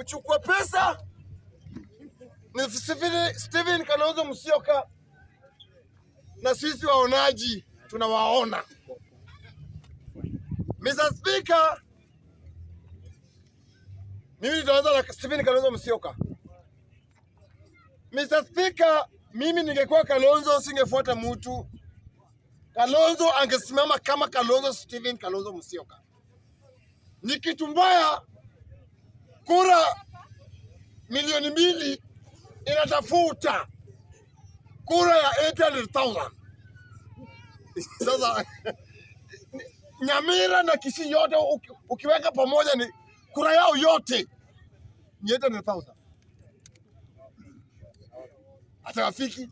mchukua pesa ni Steven Kalonzo Musyoka, na sisi waonaji tunawaona. Mr. Speaker, mimi nitaanza na Steven Kalonzo Musyoka. Mr. Speaker, mimi ningekuwa Kalonzo singefuata mtu. Kalonzo angesimama kama Kalonzo Steven Kalonzo Musyoka. Ni kitu mbaya kura milioni mbili inatafuta kura ya 800,000. Sasa Nyamira na Kisii yote ukiweka pamoja ni kura yao yote ni 800,000. Atawafiki.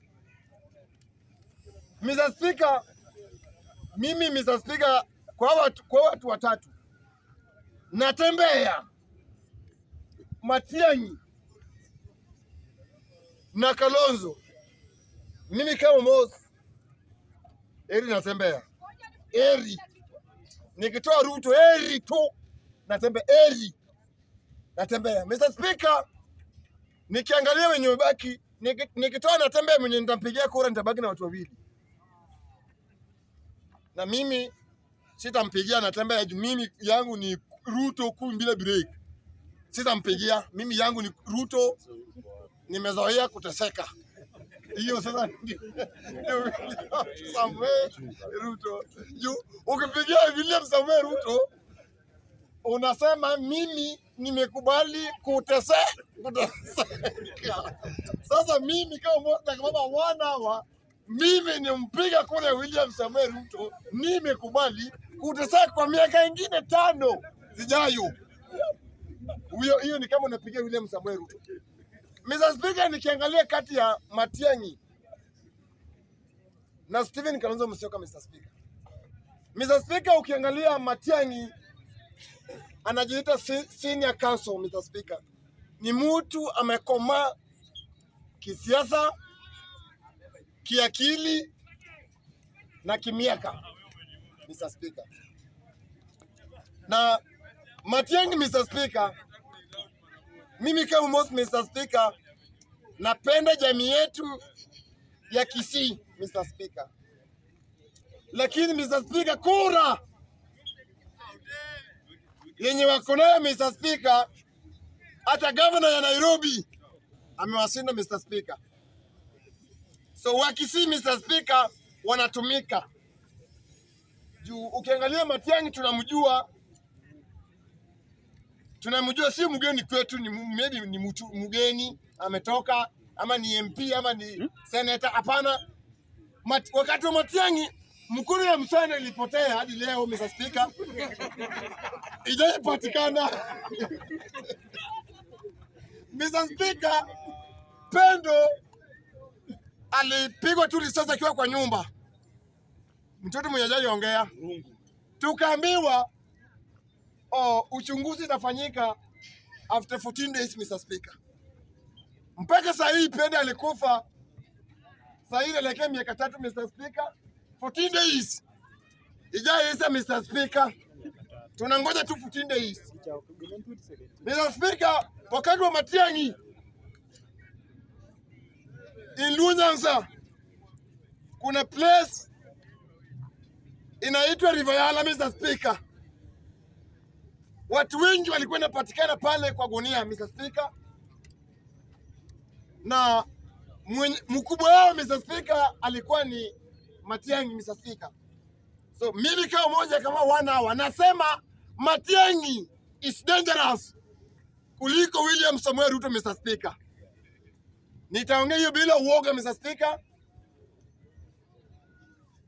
Mr. Speaker, mimi Mr. Speaker, kwa watu kwa watu watatu natembea Matiang'i na Kalonzo, mimi kama Moses eri natembea eri, nikitoa Ruto eri tu natembea eri natembea. Mr. Speaker, nikiangalia wenye mabaki nikitoa natembea mwenye nitampigia kura, nitabaki na watu wawili, na mimi sitampigia natembea. Mimi yangu ni Ruto kuu bila break sitampigia mimi, yangu ni Ruto, nimezoea kuteseka hiyo sasa Samuel Ruto juu ukipigia William Samuel Ruto unasema mimi nimekubali kutese kuteseka. Sasa mimi kama Moses kama mimi ni mimi nimpiga kule William Samuel Ruto, nimekubali kuteseka kwa miaka ingine tano zijayo. Huyo hiyo ni kama unapigia William Samuel Ruto. Mr. Speaker, nikiangalia kati ya Matiang'i na Stephen Kalonzo Musyoka, Mr. Speaker. Mr. Speaker, ukiangalia Matiang'i anajiita senior counsel, Mr. Speaker. Ni mtu amekomaa kisiasa, kiakili na kimiaka, Mr. Speaker. Na Matiang'i, Mr. Speaker. Mimi kama most Mr. Speaker, napenda jamii yetu ya Kisii Mr. Speaker. Lakini Mr. Speaker, kura yenye wako nayo Mr. Speaker, hata governor ya Nairobi amewashinda Mr. Speaker. So wa Kisii Mr. Speaker wanatumika juu, ukiangalia Matiang'i tunamjua tunamjua, si mgeni kwetu, ni maybe ni mtu mgeni ametoka, ama ni MP ama ni hmm? senator. Hapana, wakati wa Matiang'i mkuru ya msana ilipotea hadi leo, Mr. Speaker, ijapatikana. Mr. Speaker, Pendo alipigwa tu risasi akiwa kwa nyumba, mtoto mwenye hajaongea, tukaambiwa oh, uchunguzi itafanyika after 14 days Mr. Speaker. Mpaka saa hii Pede alikufa saa hii inaelekea miaka tatu Mr. Speaker. 14 days ijaisha Mr. Speaker, tunangoja tu 14 days Mr. Speaker. Wakati wa Matiang'i in Lunyanza kuna place inaitwa River Yala Mr. Speaker. Watu wengi walikuwa inapatikana pale kwa gunia, Mr. Speaker, na mkubwa wao Mr. Speaker alikuwa ni Matiang'i, Mr. Speaker. So mimi kama moja kama wana nasema Matiang'i is dangerous kuliko William Samuel Ruto, Mr. Speaker. Nitaongea hiyo bila uoga, Mr. Speaker.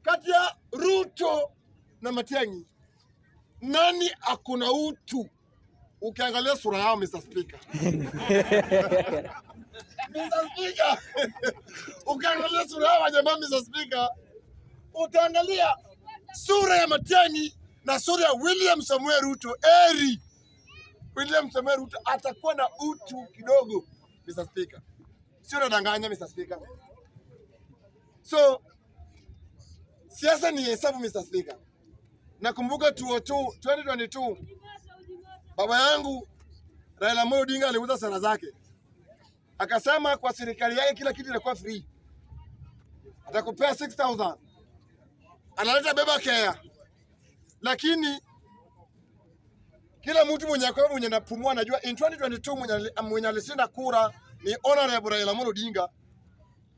Kati ya Ruto na Matiang'i nani akuna utu? Ukiangalia sura yao Mr. Speaker. Mr. Speaker. Ukiangalia sura yao wajamaa Mr. Speaker. Utaangalia sura ya Matiang'i na sura ya William Samuel Ruto eri. William Samuel Ruto atakuwa na utu kidogo Mr. Speaker. Sio nadanganya Mr. Speaker. So siasa ni hesabu Mr. Speaker. Nakumbuka 2022 baba yangu Raila Amolo Odinga aliuza sera zake, akasema kwa serikali yake kila kitu inakuwa free, atakupea 6000 analeta beba kea, lakini kila mtu mwenye kwa mwenye napumua anajua in 2022 mwenye, mwenye alishinda kura ni honorable Raila Amolo Odinga.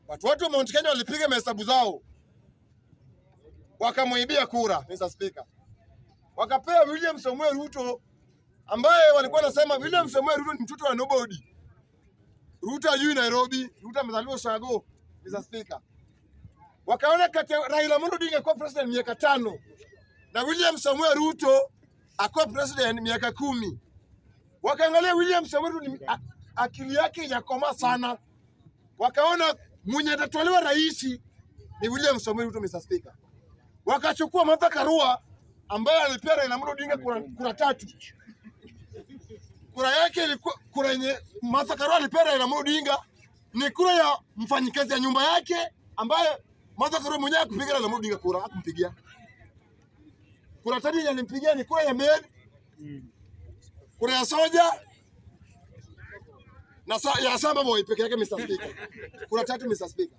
Watu watu wa Mount Kenya walipiga mahesabu zao wakamwibia kura, Mr. Speaker wakapewa William Samuel Ruto ambaye walikuwa nasema William Samuel Ruto ni mtoto wa nobody. Ruto ajui Nairobi, Ruto amezaliwa Shago, is a Speaker. Wakaona kati ya Raila Amolo Odinga kwa president miaka tano na William Samuel Ruto akuwa president miaka kumi. Wakaangalia William Samuel Ruto akili yake inakoma sana, wakaona mwenye atatolewa rais ni William Samuel Ruto, Mr. Speaker. Wakachukua Martha Karua ambaye alipewa Raila Odinga kura, kura tatu kura yake ilikuwa kura yenye Martha Karua alipewa Raila Odinga ni kura ya mfanyikazi ya nyumba yake ambaye Martha Karua mwenyewe akupiga Raila Odinga kura akumpigia kura tatu yenye alimpigia ni kura ya Med, kura ya soja na sa, ya samba boy peke yake Mr. Speaker. Kura tatu Mr. Speaker.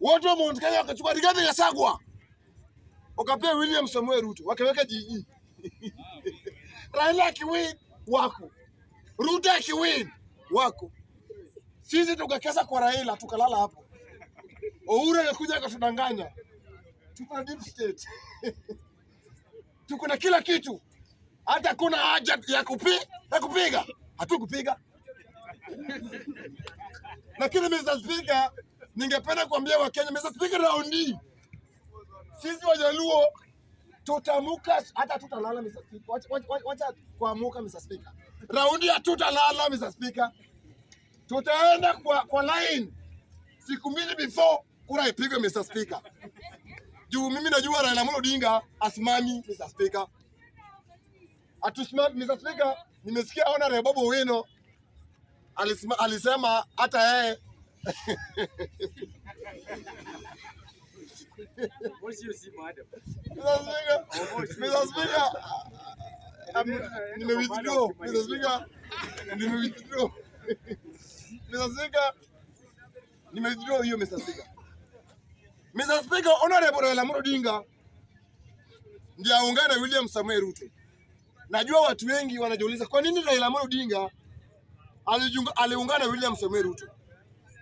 Wote wa Mount Kenya wakachukua Rigathi Gachagua ukapea William Samuel Ruto wakaweka GE. Raila akiwin wako, Ruto akiwin wako, sisi tukakesa kwa Raila tukalala hapo. Oura akakuja akatudanganya, tuko deep state tuko na kila kitu, hata kuna haja ya kupi, ya kupiga hatukupiga. Lakini Mr. Speaker, ningependa kuambia Wakenya, Mr. Speaker, raundi sisi Wajaluo tutamuka hata tutalala, Mr. Speaker. Wacha, kuamuka Mr. Speaker. Raundi ya tutalala Mr. Speaker. Tutaenda kwa, kwa line siku mbili before kura ipigwe Mr. Speaker. Juu mimi najua Raila Amolo Odinga asimami Mr. Speaker. Atusimami Mr. Speaker. Nimesikia Honorable Babu Owino alisema hata yeye nimewithdraw hiyo Mr. Speaker. Mr. Speaker, Honorable Raila Odinga ndiye aungane William Samuel Ruto. Najua watu wengi wanajiuliza kwa nini Raila Odinga aliungana William Samuel Ruto.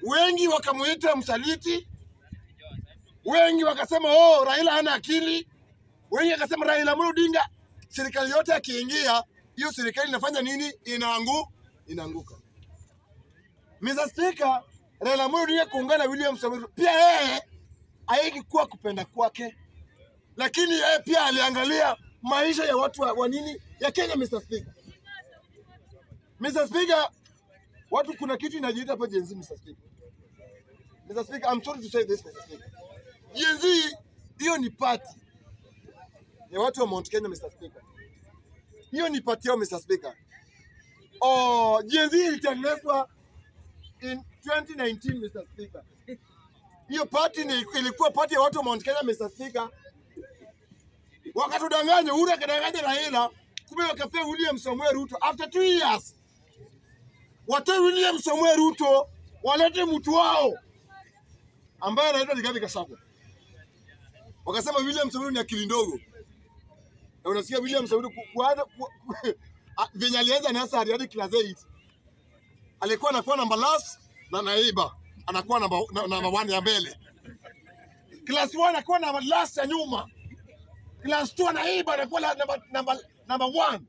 Wengi wakamuita msaliti Wengi wakasema oh, Raila hana akili. Wengi wakasema Raila Amolo Odinga, serikali yote akiingia, hiyo serikali inafanya nini? Inaangu inaanguka. Mr. Speaker, Raila Amolo Odinga kuungana William Samoei pia yeye haiki kuwa kupenda kwake, lakini yeye pia aliangalia maisha ya watu wa, wa nini ya Kenya. Mr. Speaker, Mr. Speaker, watu kuna kitu inajiita hapa jenzi. Mr. Speaker, Mr. Speaker, I'm sorry to say this Mr. Speaker. Gen Z hiyo ni party ya watu wa Mount Kenya, Mr. Speaker. Hiyo ni party yao, Mr. Speaker. Oh, Gen Z ilitengenezwa in 2019, Mr. Speaker. Hiyo party ni ilikuwa party ya watu wa Mount Kenya, Mr. Speaker. Wakatudanganya, Uhuru akadanganya Raila, kumbe wakapea William Samuel Ruto after two years. Watoe William Samuel Ruto walete mtu wao ambaye anaitwa Rigathi Gachagua wakasema William Samuel ni akili ndogo. Na unasikia William Samuel kuanza venye alianza na sasa hadi class 8. Alikuwa anakuwa namba last na naiba anakuwa namba namba 1 ya mbele. Class 1 anakuwa namba last ya nyuma. Class 2 anaiba anakuwa namba namba namba 1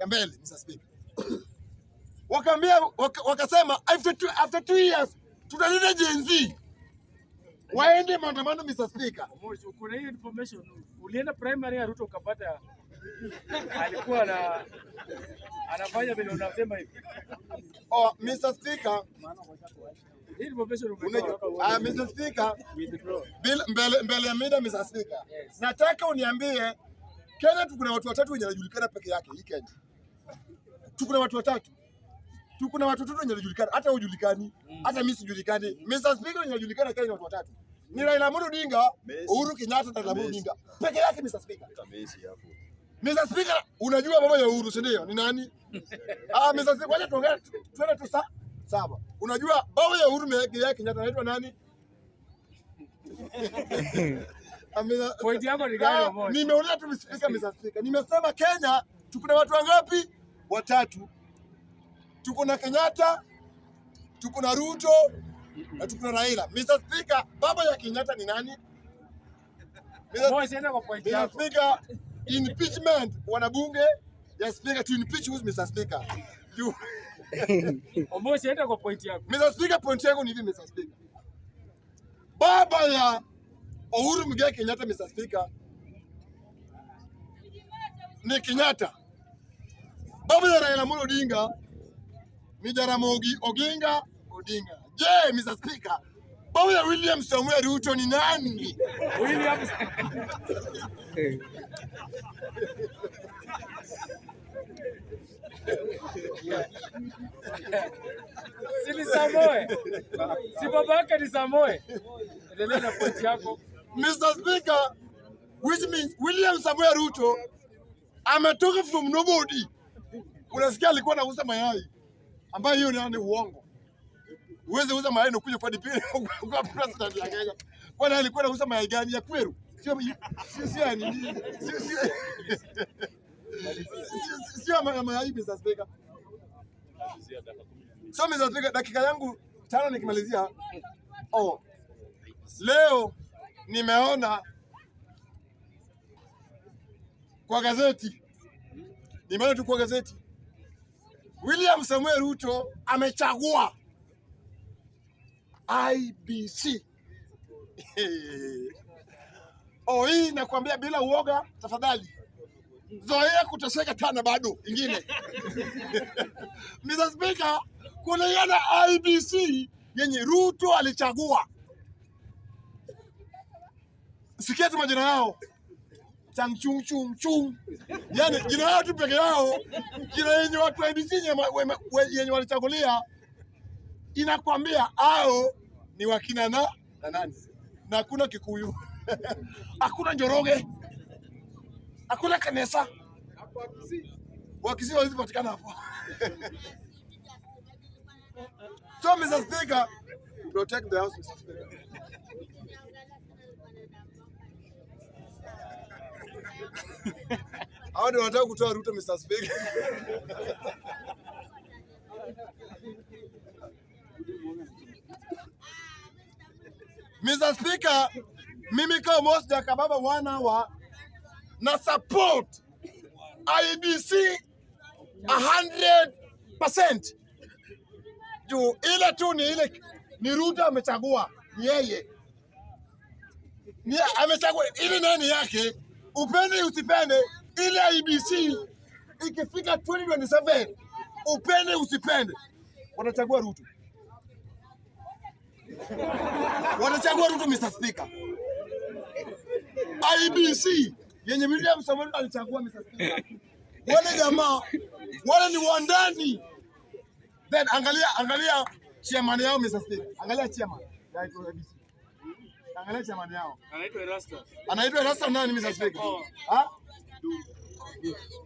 ya mbele Mr. Speaker. Wakaambia wakasema after two, after two years tutaleta Gen Z waende maandamano, Mr. Speaker. Kuna hiyo information, ulienda primary ya Ruto ukapata alikuwa na anafanya vile unasema hivi. Oh, Mr. Speaker. Uh, ah, Mr. Speaker, mbele mbele ya mida Mr. Speaker. Yes. Nataka uniambie Kenya, tukuna watu watatu wenye wanajulikana peke yake hii Kenya. Tukuna watu watatu tuko na watu watatu wenye wanajulikana, hata hujulikani, mm. hata mimi sijulikani. Mr Speaker wenye wanajulikana Kenya watu watatu ni Raila Amolo Odinga, Uhuru Kenyatta na Raila Amolo Odinga peke yake. Mr Speaker, Mr Speaker, unajua mama ya Uhuru si ndio? Ni nani? Ah, Mr Speaker, wacha tuongee, tuende tu saba. Unajua baba ya Uhuru yake Kenyatta anaitwa nani? Point yako ni gani? Ah, nimeona tu Mr Speaker, Mr Speaker, nimesema Kenya tuko na watu wangapi? Watatu tuko na Kenyatta, tuko na Ruto na tuko na Raila. Mr. Speaker, baba ya Kenyatta ni nani? Mr. Speaker, impeachment wanabunge ya speaker to impeach who's Mr. Speaker. You oh, kwa point yako. Mr. Speaker, point yangu ni hivi Mr. Speaker. Baba ya Uhuru Muigai Kenyatta Mr. Speaker ni Kenyatta. Baba ya Raila Amolo Odinga Mijaramogi Oginga Odinga. Je, Mr. Speaker, Bwana William Samuel Ruto ni nani? William Si ni Samoe. Si baba yake ni Samoe. Endelea na pointi yako. Mr. Speaker, which means William Samuel Ruto ametoka from nobody. Unasikia alikuwa anauza mayai ambayo hiyo ni yaani uongo. Uweze uza mayai na kuja kwa DP kwa president ya Kenya. Kwa Kwani alikuwa anauza mayai gani ya kweru? Sio sio nini? Sio sio. Sio mayai Mr. Speaker. So Mr. Speaker, dakika yangu tano nikimalizia. Oh. Leo nimeona kwa gazeti. Nimeona tu kwa gazeti William Samuel Ruto amechagua IBC. Oi, oh, hii nakwambia bila uoga, tafadhali zoea kuteseka tena, bado ingine Mr. Speaker, kuna yana IBC yenye Ruto alichagua, sikia tu majina yao cha mchung chung chung, yani jina lao tu peke yao, jina yenye watu wa yenye walichagulia inakwambia ao ni wakina na na nani, na hakuna Kikuyu, hakuna Njoroge, hakuna Kanesa, Wakisii walizipatikana hapo. So Mr. Speaker, protect the house Mr. Speaker. hawa ndio wanataka kutoa Ruto Mr. Speaker. Mr. Speaker, mimi kama Moses Jakababa one hour na support IBC 100% juu ile tu ni ile ni Ruto amechagua, ni yeye ni amechagua, ile nani yake Upende usipende, ile IBC ikifika 2027 upende usipende, watachagua Ruto, watachagua Ruto Mr. Speaker. IBC yenye William Samoei alichagua Mr. Speaker, wale jamaa wale ni wandani. Then angalia, angalia chairman yao Mr. Speaker, angalia chairman Angalia chama yao. Anaitwa Erastus. Anaitwa Erastus nani Mr. Speaker? Ah?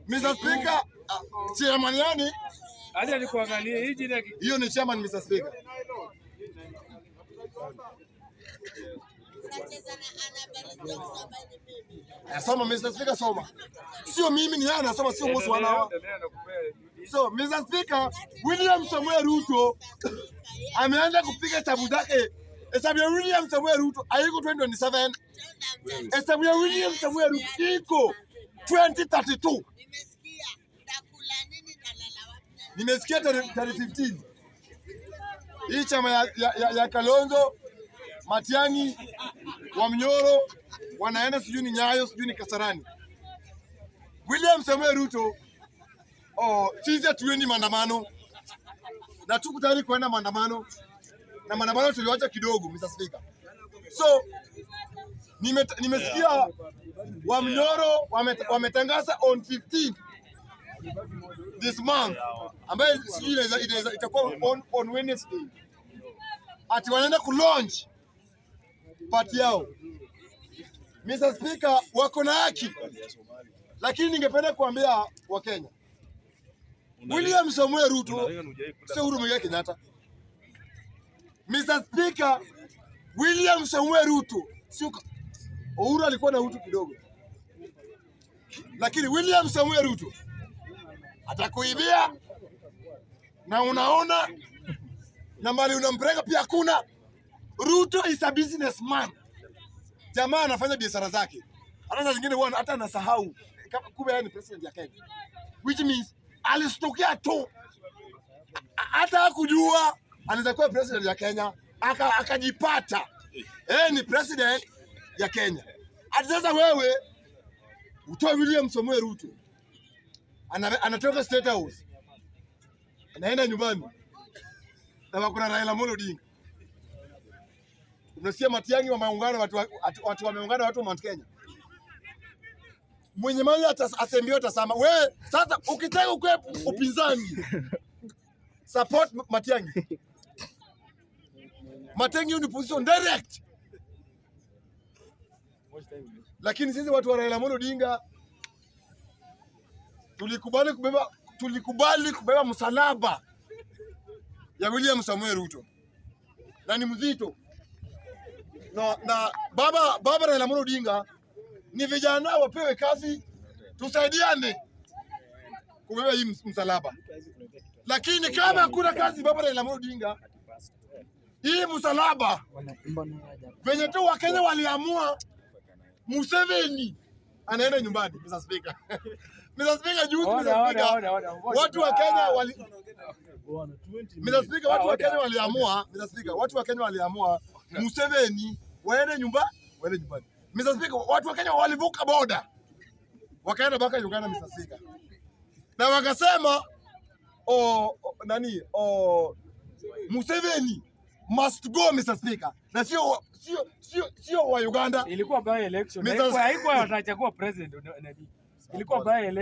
Mr. Speaker, ah, chama yani? Aje nikuangalie hii jina. Hiyo ni chairman Mr. Speaker. Soma Mr. Speaker, soma. Sio mimi ni yana soma, sio mosi wala. So Mr. Speaker, William Samuel Ruto ameanza kupiga tabu zake Hesabu ya William Samuel Ruto haiko 2027. Hesabu ya William Samuel Ruto iko 2032. Nimesikia tarehe 15. Hii chama ya, ya, ya Kalonzo Matiang'i wa Mnyoro wanaenda sijui ni Nyayo sijui ni Kasarani. William Samuel Ruto oh, sisi hatuendi maandamano na tuko tayari kuenda maandamano na maandamano tuliwacha kidogo, Mr. Speaker. So nimesikia nime, nimesikia Wamnyoro wametangaza wame on 15 this month ambaye sijui itakuwa on, on Wednesday ati wanaenda kulaunch party yao. Mr. Speaker, wako na haki, lakini ningependa kuambia Wakenya William Samuel Ruto sio Uhuru Muigai Kenyatta. Mr. Speaker, William Samuel Ruto sio Uhuru alikuwa na utu kidogo, lakini William Samuel Ruto atakuibia na unaona, na mali unampeleka pia hakuna. Ruto is a businessman, jamaa anafanya biashara zake, hata saa zingine hata anasahau kumbe yeye ni president ya Kenya, which means alistokea tu hata hakujua anaweza kuwa president ya Kenya akajipata aka eh. eh, ni president ya Kenya. Hata sasa wewe utoe William Samoei Ruto anatoka State House anaenda nyumbani na wakuna Raila Amolo Odinga. Unasikia Matiang'i wameungana watu, watu, watu wameungana watu wa Mount Kenya mwenye mali asembiwa tasama. Wewe sasa ukitaka ukwe upinzani support Matiang'i Matengi ni position direct, lakini sisi watu wa Raila Amolo Odinga tulikubali kubeba, tulikubali kubeba msalaba ya William Samuel Ruto na ni mzito na, na baba baba Raila Amolo Odinga ni vijana wapewe kazi, tusaidiane kubeba hii msalaba, lakini kama hakuna kazi baba Raila Amolo Odinga hii msalaba venye tu Wakenya waliamua Museveni anaenda nyumbani. Mr. Speaker, Mr. Speaker, juzi Mr. Speaker, watu ah, wa Kenya wali Mr. Speaker, watu wa Kenya waliamua Mr. Speaker, watu wa Kenya waliamua Museveni waende nyumba, waende nyumbani. Mr. Speaker, watu wa Kenya walivuka boda wakaenda mpaka Uganda Mr. Speaker, na wakasema oh, oh nani oh, Museveni must go Mr. Speaker. Na sio sio sio sio wa Uganda. Ilikuwa by election. Haikuwa watachagua president. Ilikuwa by election.